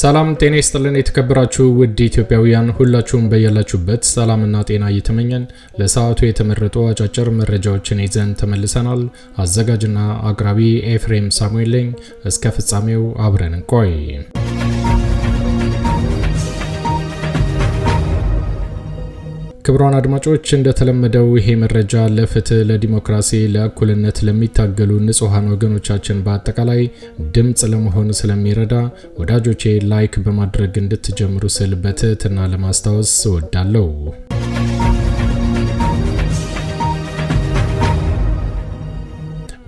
ሰላም ጤና ይስጥልን። የተከበራችሁ ውድ ኢትዮጵያውያን ሁላችሁም በያላችሁበት ሰላምና ጤና እየተመኘን ለሰዓቱ የተመረጡ አጫጭር መረጃዎችን ይዘን ተመልሰናል። አዘጋጅና አቅራቢ ኤፍሬም ሳሙኤል ነኝ። እስከ ፍጻሜው አብረን እንቆይ። ክቡራን አድማጮች እንደተለመደው ይሄ መረጃ ለፍትህ፣ ለዲሞክራሲ፣ ለእኩልነት ለሚታገሉ ንጹሐን ወገኖቻችን በአጠቃላይ ድምፅ ለመሆን ስለሚረዳ ወዳጆቼ ላይክ በማድረግ እንድትጀምሩ ስል በትህትና ለማስታወስ እወዳለሁ።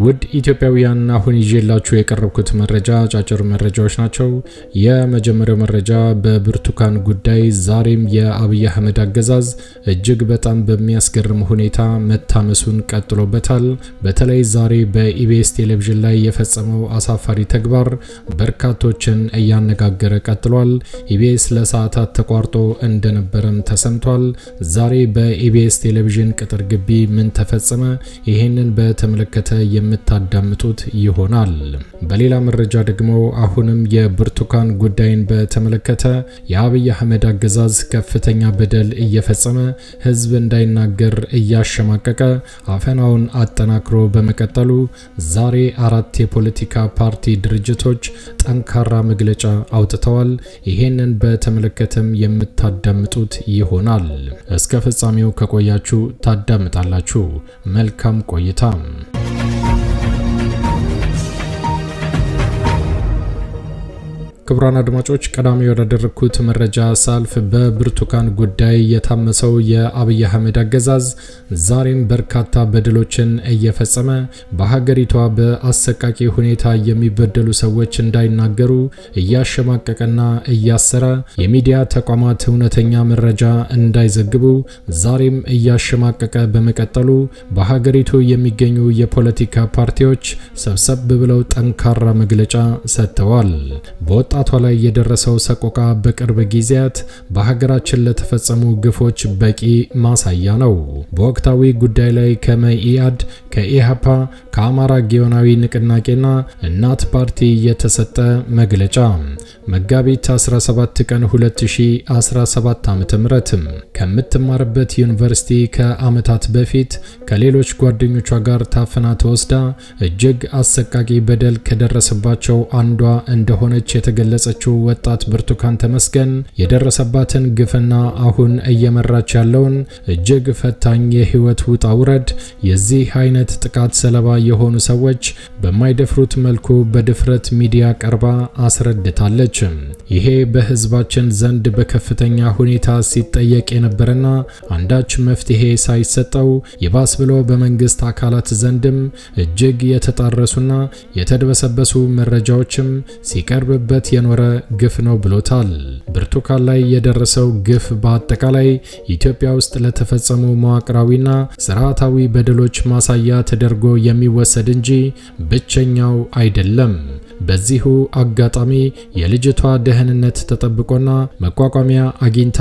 ውድ ኢትዮጵያውያንና አሁን ይዤላችሁ የቀረብኩት መረጃ አጫጭር መረጃዎች ናቸው። የመጀመሪያው መረጃ በብርቱካን ጉዳይ ዛሬም የአብይ አህመድ አገዛዝ እጅግ በጣም በሚያስገርም ሁኔታ መታመሱን ቀጥሎበታል። በተለይ ዛሬ በኢቢኤስ ቴሌቪዥን ላይ የፈጸመው አሳፋሪ ተግባር በርካቶችን እያነጋገረ ቀጥሏል። ኢቢኤስ ለሰዓታት ተቋርጦ እንደነበረም ተሰምቷል። ዛሬ በኢቢኤስ ቴሌቪዥን ቅጥር ግቢ ምን ተፈጸመ? ይህንን በተመለከተ የምታዳምጡት ይሆናል። በሌላ መረጃ ደግሞ አሁንም የብርቱካን ጉዳይን በተመለከተ የአብይ አህመድ አገዛዝ ከፍተኛ በደል እየፈጸመ ህዝብ እንዳይናገር እያሸማቀቀ አፈናውን አጠናክሮ በመቀጠሉ ዛሬ አራት የፖለቲካ ፓርቲ ድርጅቶች ጠንካራ መግለጫ አውጥተዋል። ይሄንን በተመለከተም የምታዳምጡት ይሆናል። እስከ ፍጻሜው ከቆያችሁ ታዳምጣላችሁ። መልካም ቆይታ። ክቡራን አድማጮች ቀዳሚ ወዳደረግኩት መረጃ ሳልፍ በብርቱካን ጉዳይ የታመሰው የአብይ አህመድ አገዛዝ ዛሬም በርካታ በደሎችን እየፈጸመ በሀገሪቷ በአሰቃቂ ሁኔታ የሚበደሉ ሰዎች እንዳይናገሩ እያሸማቀቀና እያሰረ የሚዲያ ተቋማት እውነተኛ መረጃ እንዳይዘግቡ ዛሬም እያሸማቀቀ በመቀጠሉ በሀገሪቱ የሚገኙ የፖለቲካ ፓርቲዎች ሰብሰብ ብለው ጠንካራ መግለጫ ሰጥተዋል። በወጣ በወጣቷ ላይ የደረሰው ሰቆቃ በቅርብ ጊዜያት በሀገራችን ለተፈጸሙ ግፎች በቂ ማሳያ ነው። በወቅታዊ ጉዳይ ላይ ከመኢአድ፣ ከኢሃፓ፣ ከአማራ ጊዮናዊ ንቅናቄና እናት ፓርቲ የተሰጠ መግለጫ መጋቢት 17 ቀን 2017 ዓ ም ከምትማርበት ዩኒቨርሲቲ ከዓመታት በፊት ከሌሎች ጓደኞቿ ጋር ታፍና ተወስዳ እጅግ አሰቃቂ በደል ከደረሰባቸው አንዷ እንደሆነች የተገ የገለጸችው ወጣት ብርቱካን ተመስገን የደረሰባትን ግፍና አሁን እየመራች ያለውን እጅግ ፈታኝ የህይወት ውጣ ውረድ የዚህ አይነት ጥቃት ሰለባ የሆኑ ሰዎች በማይደፍሩት መልኩ በድፍረት ሚዲያ ቀርባ አስረድታለች። ይሄ በህዝባችን ዘንድ በከፍተኛ ሁኔታ ሲጠየቅ የነበረና አንዳች መፍትሄ ሳይሰጠው ይባስ ብሎ በመንግስት አካላት ዘንድም እጅግ የተጣረሱና የተደበሰበሱ መረጃዎችም ሲቀርብበት የኖረ ግፍ ነው ብሎታል። ብርቱካን ላይ የደረሰው ግፍ በአጠቃላይ ኢትዮጵያ ውስጥ ለተፈጸሙ መዋቅራዊና ስርዓታዊ በደሎች ማሳያ ተደርጎ የሚወሰድ እንጂ ብቸኛው አይደለም። በዚሁ አጋጣሚ የልጅቷ ደህንነት ተጠብቆና መቋቋሚያ አግኝታ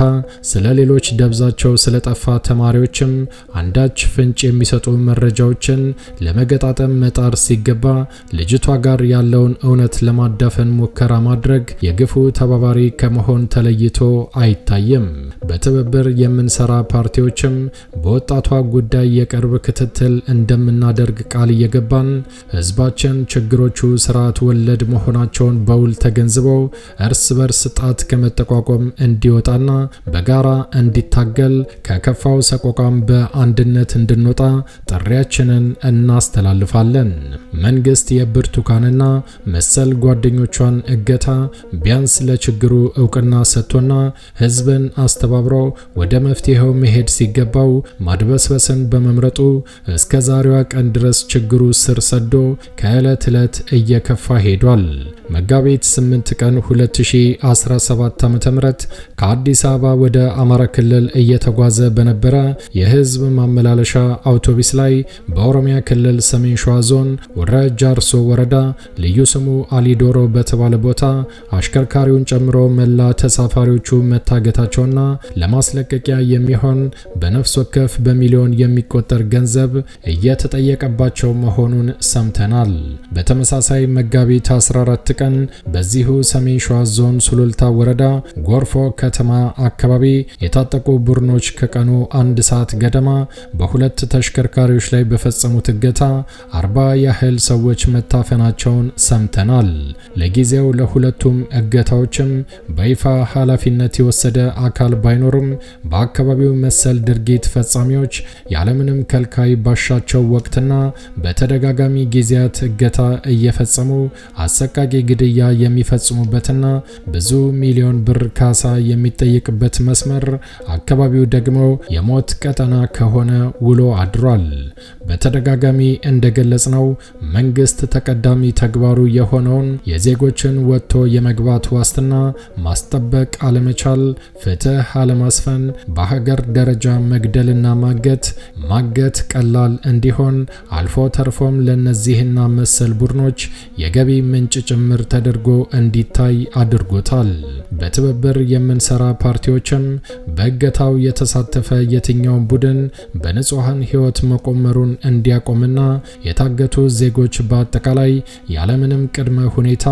ስለ ሌሎች ደብዛቸው ስለጠፋ ተማሪዎችም አንዳች ፍንጭ የሚሰጡ መረጃዎችን ለመገጣጠም መጣር ሲገባ ልጅቷ ጋር ያለውን እውነት ለማዳፈን ሙከራ ማድረግ የግፉ ተባባሪ ከመሆን ተለይቶ አይታይም። በትብብር የምንሰራ ፓርቲዎችም በወጣቷ ጉዳይ የቅርብ ክትትል እንደምናደርግ ቃል እየገባን ህዝባችን ችግሮቹ ስርዓት ወለ ወለድ መሆናቸውን በውል ተገንዝበው እርስ በርስ ጣት ከመጠቋቋም እንዲወጣና በጋራ እንዲታገል ከከፋው ሰቆቃም በአንድነት እንድንወጣ ጥሪያችንን እናስተላልፋለን። መንግስት የብርቱካንና መሰል ጓደኞቿን እገታ ቢያንስ ለችግሩ እውቅና ሰጥቶና ህዝብን አስተባብሮ ወደ መፍትሄው መሄድ ሲገባው ማድበስበስን በመምረጡ እስከ ዛሬዋ ቀን ድረስ ችግሩ ስር ሰዶ ከዕለት ዕለት እየከፋ ሄዱ። ተካሂዷል። መጋቢት 8 ቀን 2017 ዓ.ም ከአዲስ አበባ ወደ አማራ ክልል እየተጓዘ በነበረ የህዝብ ማመላለሻ አውቶቡስ ላይ በኦሮሚያ ክልል ሰሜን ሸዋ ዞን ወረ ጃርሶ ወረዳ ልዩ ስሙ አሊዶሮ በተባለ ቦታ አሽከርካሪውን ጨምሮ መላ ተሳፋሪዎቹ መታገታቸውና ለማስለቀቂያ የሚሆን በነፍስ ወከፍ በሚሊዮን የሚቆጠር ገንዘብ እየተጠየቀባቸው መሆኑን ሰምተናል። በተመሳሳይ መጋቢት መጋቢት 14 ቀን በዚሁ ሰሜን ሸዋ ዞን ሱሉልታ ወረዳ ጎርፎ ከተማ አካባቢ የታጠቁ ቡድኖች ከቀኑ አንድ ሰዓት ገደማ በሁለት ተሽከርካሪዎች ላይ በፈጸሙት እገታ አርባ ያህል ሰዎች መታፈናቸውን ሰምተናል። ለጊዜው ለሁለቱም እገታዎችም በይፋ ኃላፊነት የወሰደ አካል ባይኖርም በአካባቢው መሰል ድርጊት ፈጻሚዎች ያለምንም ከልካይ ባሻቸው ወቅትና በተደጋጋሚ ጊዜያት እገታ እየፈጸሙ አሰቃቂ ግድያ የሚፈጽሙበትና ብዙ ሚሊዮን ብር ካሳ የሚጠየቅበት መስመር፣ አካባቢው ደግሞ የሞት ቀጠና ከሆነ ውሎ አድሯል። በተደጋጋሚ እንደገለጽ ነው መንግስት ተቀዳሚ ተግባሩ የሆነውን የዜጎችን ወጥቶ የመግባት ዋስትና ማስጠበቅ አለመቻል፣ ፍትህ አለማስፈን፣ በሀገር ደረጃ መግደልና ማገት ማገት ቀላል እንዲሆን አልፎ ተርፎም ለነዚህና መሰል ቡድኖች የገቢ ምንጭ ጭምር ተደርጎ እንዲታይ አድርጎታል። በትብብር የምንሰራ ፓርቲዎችም በእገታው የተሳተፈ የትኛውን ቡድን በንጹሐን ሕይወት መቆመሩን እንዲያቆምና የታገቱ ዜጎች በአጠቃላይ ያለምንም ቅድመ ሁኔታ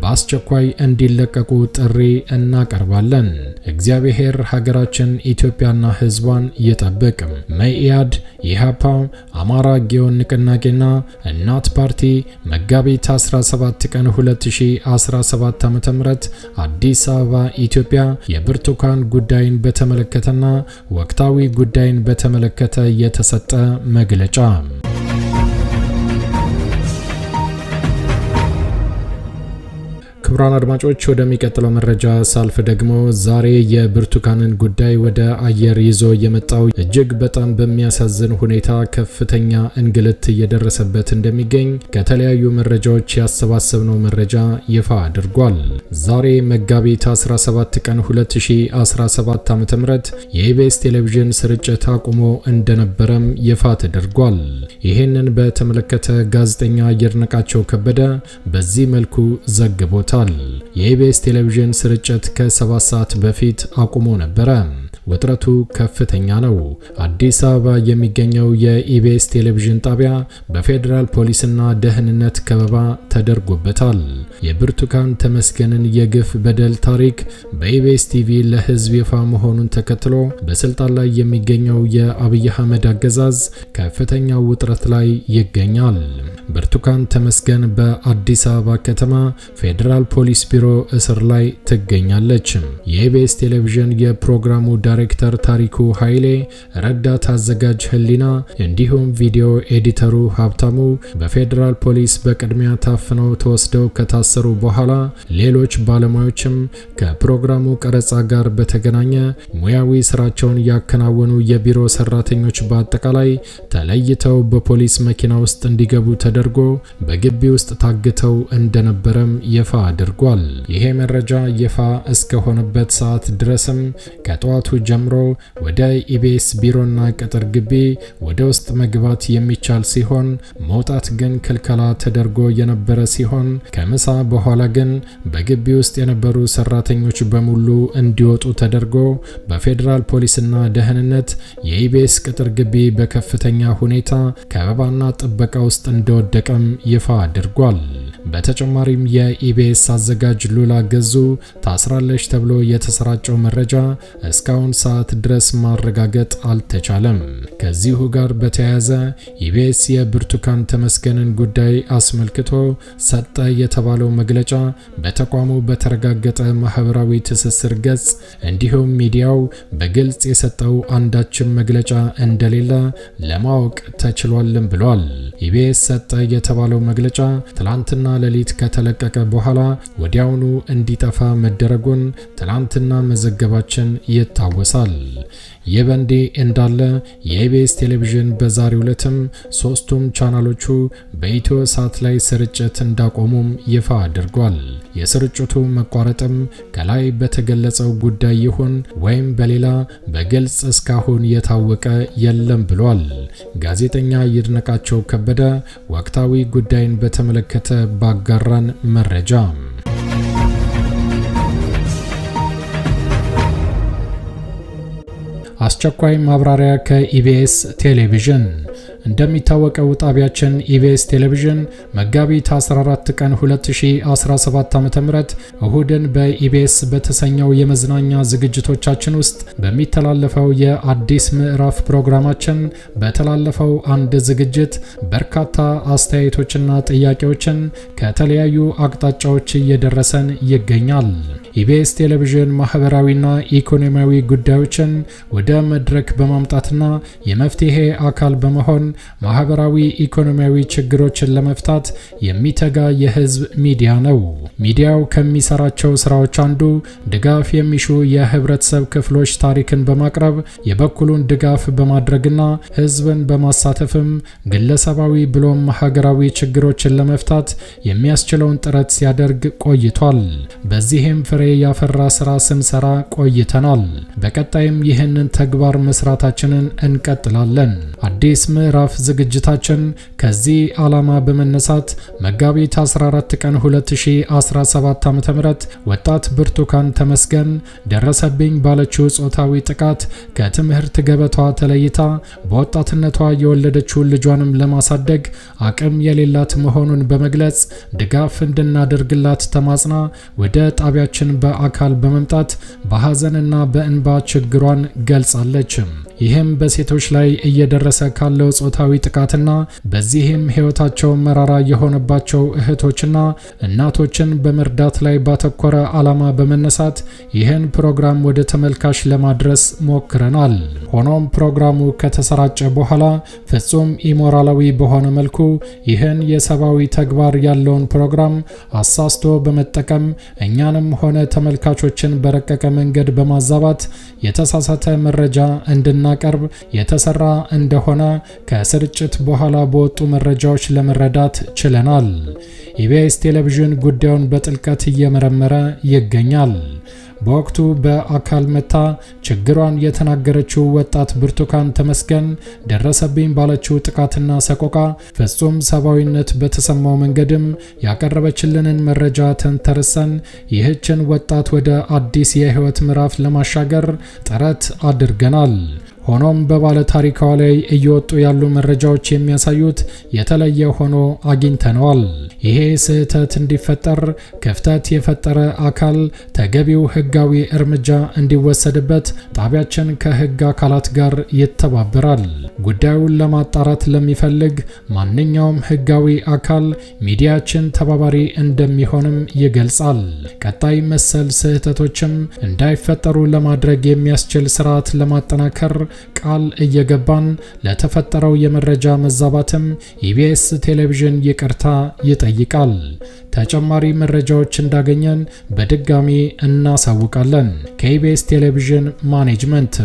በአስቸኳይ እንዲለቀቁ ጥሪ እናቀርባለን። እግዚአብሔር ሀገራችን ኢትዮጵያና ሕዝቧን ይጠብቅ። መኢአድ፣ ኢህአፓ፣ አማራ ጊዮን ንቅናቄና እናት ፓርቲ መጋቢት 17 ቀን 2017 ዓ.ም አዲስ አበባ ኢትዮጵያ የብርቱካን ጉዳይን በተመለከተና ወቅታዊ ጉዳይን በተመለከተ የተሰጠ መግለጫ ክቡራን አድማጮች ወደሚቀጥለው መረጃ ሳልፍ ደግሞ ዛሬ የብርቱካንን ጉዳይ ወደ አየር ይዞ የመጣው እጅግ በጣም በሚያሳዝን ሁኔታ ከፍተኛ እንግልት እየደረሰበት እንደሚገኝ ከተለያዩ መረጃዎች ያሰባሰብነው መረጃ ይፋ አድርጓል። ዛሬ መጋቢት 17 ቀን 2017 ዓ.ም የኢቢኤስ ቴሌቪዥን ስርጭት አቁሞ እንደነበረም ይፋ ተደርጓል። ይህንን በተመለከተ ጋዜጠኛ አየርነቃቸው ከበደ በዚህ መልኩ ዘግቦታል። ቆይቷል። የኢቢኤስ ቴሌቪዥን ስርጭት ከ7 ሰዓት በፊት አቁሞ ነበረ። ውጥረቱ ከፍተኛ ነው። አዲስ አበባ የሚገኘው የኢቢኤስ ቴሌቪዥን ጣቢያ በፌዴራል ፖሊስና ደህንነት ከበባ ተደርጎበታል። የብርቱካን ተመስገንን የግፍ በደል ታሪክ በኢቢኤስ ቲቪ ለህዝብ ይፋ መሆኑን ተከትሎ በስልጣን ላይ የሚገኘው የአብይ አህመድ አገዛዝ ከፍተኛ ውጥረት ላይ ይገኛል። ብርቱካን ተመስገን በአዲስ አበባ ከተማ ፌዴራል ፖሊስ ቢሮ እስር ላይ ትገኛለች። የኢቢኤስ ቴሌቪዥን የፕሮግራሙ ዳ ዳይሬክተር ታሪኩ ኃይሌ፣ ረዳት አዘጋጅ ህሊና፣ እንዲሁም ቪዲዮ ኤዲተሩ ሀብታሙ በፌዴራል ፖሊስ በቅድሚያ ታፍነው ተወስደው ከታሰሩ በኋላ ሌሎች ባለሙያዎችም ከፕሮግራሙ ቀረጻ ጋር በተገናኘ ሙያዊ ስራቸውን ያከናወኑ የቢሮ ሰራተኞች በአጠቃላይ ተለይተው በፖሊስ መኪና ውስጥ እንዲገቡ ተደርጎ በግቢ ውስጥ ታግተው እንደነበረም ይፋ አድርጓል። ይሄ መረጃ ይፋ እስከሆነበት ሰዓት ድረስም ከጠዋቱ ጀምሮ ወደ ኢቢኤስ ቢሮና ቅጥር ግቢ ወደ ውስጥ መግባት የሚቻል ሲሆን መውጣት ግን ክልከላ ተደርጎ የነበረ ሲሆን ከምሳ በኋላ ግን በግቢ ውስጥ የነበሩ ሰራተኞች በሙሉ እንዲወጡ ተደርጎ በፌዴራል ፖሊስና ደህንነት የኢቢኤስ ቅጥር ግቢ በከፍተኛ ሁኔታ ከበባና ጥበቃ ውስጥ እንደወደቀም ይፋ አድርጓል። በተጨማሪም የኢቢኤስ አዘጋጅ ሉላ ገዙ ታስራለች ተብሎ የተሰራጨው መረጃ እስካሁን እስካሁን ሰዓት ድረስ ማረጋገጥ አልተቻለም። ከዚሁ ጋር በተያያዘ ኢቢኤስ የብርቱካን ተመስገንን ጉዳይ አስመልክቶ ሰጠ የተባለው መግለጫ በተቋሙ በተረጋገጠ ማህበራዊ ትስስር ገጽ እንዲሁም ሚዲያው በግልጽ የሰጠው አንዳችም መግለጫ እንደሌለ ለማወቅ ተችሏልም ብሏል። ኢቢኤስ ሰጠ የተባለው መግለጫ ትላንትና ሌሊት ከተለቀቀ በኋላ ወዲያውኑ እንዲጠፋ መደረጉን ትላንትና መዘገባችን ይታወ ይታወሳል። ይህ በእንዲህ እንዳለ የኢቢኤስ ቴሌቪዥን በዛሬው ዕለትም ሶስቱም ቻናሎቹ በኢትዮ ሳት ላይ ስርጭት እንዳቆሙም ይፋ አድርጓል። የስርጭቱ መቋረጥም ከላይ በተገለጸው ጉዳይ ይሁን ወይም በሌላ በግልጽ እስካሁን የታወቀ የለም ብሏል። ጋዜጠኛ ይድነቃቸው ከበደ ወቅታዊ ጉዳይን በተመለከተ ባጋራን መረጃ አስቸኳይ ማብራሪያ ከኢቢኤስ ቴሌቪዥን። እንደሚታወቀው ጣቢያችን ኢቢኤስ ቴሌቪዥን መጋቢት 14 ቀን 2017 ዓ ም እሁድን በኢቢኤስ በተሰኘው የመዝናኛ ዝግጅቶቻችን ውስጥ በሚተላለፈው የአዲስ ምዕራፍ ፕሮግራማችን በተላለፈው አንድ ዝግጅት በርካታ አስተያየቶችና ጥያቄዎችን ከተለያዩ አቅጣጫዎች እየደረሰን ይገኛል። ኢቢኤስ ቴሌቪዥን ማህበራዊና ኢኮኖሚያዊ ጉዳዮችን ወደ መድረክ በማምጣትና የመፍትሄ አካል በመሆን ማህበራዊ ኢኮኖሚያዊ ችግሮችን ለመፍታት የሚተጋ የህዝብ ሚዲያ ነው። ሚዲያው ከሚሰራቸው ስራዎች አንዱ ድጋፍ የሚሹ የህብረተሰብ ክፍሎች ታሪክን በማቅረብ የበኩሉን ድጋፍ በማድረግና ህዝብን በማሳተፍም ግለሰባዊ ብሎም ሀገራዊ ችግሮችን ለመፍታት የሚያስችለውን ጥረት ሲያደርግ ቆይቷል። በዚህም ፍሬ ያፈራ ስራ ስንሰራ ቆይተናል። በቀጣይም ይህንን ተግባር መስራታችንን እንቀጥላለን። አዲስ ምዕራፍ ዝግጅታችን ከዚህ ዓላማ በመነሳት መጋቢት 14 ቀን 2017 ዓ.ም ወጣት ብርቱካን ተመስገን ደረሰብኝ ባለችው ጾታዊ ጥቃት ከትምህርት ገበቷ ተለይታ በወጣትነቷ የወለደችውን ልጇንም ለማሳደግ አቅም የሌላት መሆኑን በመግለጽ ድጋፍ እንድናደርግላት ተማጽና ወደ ጣቢያችን በአካል በመምጣት በሐዘንና በእንባ ችግሯን ገልጻለች። ይህም በሴቶች ላይ እየደረሰ ካለው ጾታዊ ጥቃትና በዚህም ህይወታቸው መራራ የሆነባቸው እህቶችና እናቶችን በመርዳት ላይ ባተኮረ ዓላማ በመነሳት ይህን ፕሮግራም ወደ ተመልካች ለማድረስ ሞክረናል። ሆኖም ፕሮግራሙ ከተሰራጨ በኋላ ፍጹም ኢሞራላዊ በሆነ መልኩ ይህን የሰብአዊ ተግባር ያለውን ፕሮግራም አሳስቶ በመጠቀም እኛንም ሆነ ተመልካቾችን በረቀቀ መንገድ በማዛባት የተሳሳተ መረጃ እንድና እንድናቀርብ የተሰራ እንደሆነ ከስርጭት በኋላ በወጡ መረጃዎች ለመረዳት ችለናል። ኢቢኤስ ቴሌቪዥን ጉዳዩን በጥልቀት እየመረመረ ይገኛል። በወቅቱ በአካል መታ ችግሯን የተናገረችው ወጣት ብርቱካን ተመስገን ደረሰብኝ ባለችው ጥቃትና ሰቆቃ ፍጹም ሰብአዊነት በተሰማው መንገድም ያቀረበችልንን መረጃ ተንተርሰን ይህችን ወጣት ወደ አዲስ የህይወት ምዕራፍ ለማሻገር ጥረት አድርገናል። ሆኖም በባለ ታሪኳ ላይ እየወጡ ያሉ መረጃዎች የሚያሳዩት የተለየ ሆኖ አግኝተነዋል። ይሄ ስህተት እንዲፈጠር ክፍተት የፈጠረ አካል ተገቢው ሕጋዊ እርምጃ እንዲወሰድበት ጣቢያችን ከሕግ አካላት ጋር ይተባበራል። ጉዳዩን ለማጣራት ለሚፈልግ ማንኛውም ሕጋዊ አካል ሚዲያችን ተባባሪ እንደሚሆንም ይገልጻል። ቀጣይ መሰል ስህተቶችም እንዳይፈጠሩ ለማድረግ የሚያስችል ስርዓት ለማጠናከር ቃል እየገባን ለተፈጠረው የመረጃ መዛባትም ኢቢኤስ ቴሌቪዥን ይቅርታ ይጠይቃል። ተጨማሪ መረጃዎች እንዳገኘን በድጋሚ እናሳውቃለን። ከኢቢኤስ ቴሌቪዥን ማኔጅመንት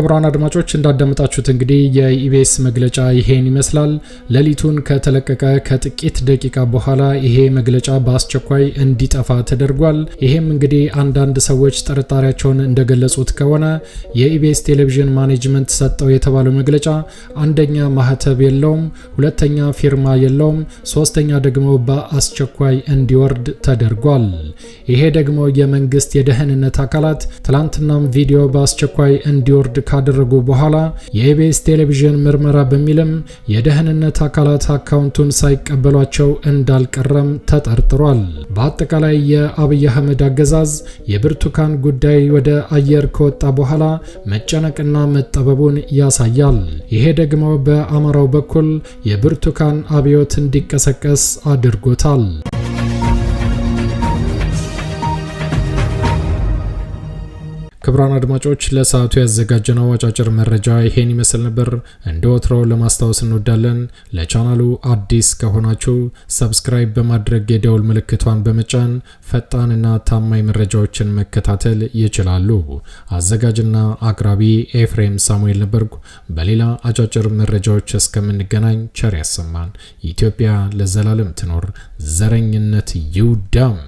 ክቡራን አድማጮች እንዳዳመጣችሁት እንግዲህ የኢቢኤስ መግለጫ ይሄን ይመስላል። ሌሊቱን ከተለቀቀ ከጥቂት ደቂቃ በኋላ ይሄ መግለጫ በአስቸኳይ እንዲጠፋ ተደርጓል። ይሄም እንግዲህ አንዳንድ ሰዎች ጥርጣሬያቸውን እንደገለጹት ከሆነ የኢቢኤስ ቴሌቪዥን ማኔጅመንት ሰጠው የተባለው መግለጫ አንደኛ ማህተብ የለውም፣ ሁለተኛ ፊርማ የለውም፣ ሶስተኛ ደግሞ በአስቸኳይ እንዲወርድ ተደርጓል። ይሄ ደግሞ የመንግስት የደህንነት አካላት ትላንትናም ቪዲዮ በአስቸኳይ እንዲወርድ ካደረጉ በኋላ የኢቢኤስ ቴሌቪዥን ምርመራ በሚልም የደህንነት አካላት አካውንቱን ሳይቀበሏቸው እንዳልቀረም ተጠርጥሯል። በአጠቃላይ የአብይ አህመድ አገዛዝ የብርቱካን ጉዳይ ወደ አየር ከወጣ በኋላ መጨነቅና መጠበቡን ያሳያል። ይሄ ደግሞ በአማራው በኩል የብርቱካን አብዮት እንዲቀሰቀስ አድርጎታል። ክቡራን አድማጮች ለሰዓቱ ያዘጋጀነው አጫጭር መረጃ ይሄን ይመስል ነበር። እንደ ወትሮው ለማስታወስ እንወዳለን ለቻናሉ አዲስ ከሆናችሁ ሰብስክራይብ በማድረግ የደውል ምልክቷን በመጫን ፈጣንና ታማኝ መረጃዎችን መከታተል ይችላሉ። አዘጋጅና አቅራቢ ኤፍሬም ሳሙኤል ነበርኩ። በሌላ አጫጭር መረጃዎች እስከምንገናኝ ቸር ያሰማን። ኢትዮጵያ ለዘላለም ትኖር። ዘረኝነት ይውዳም።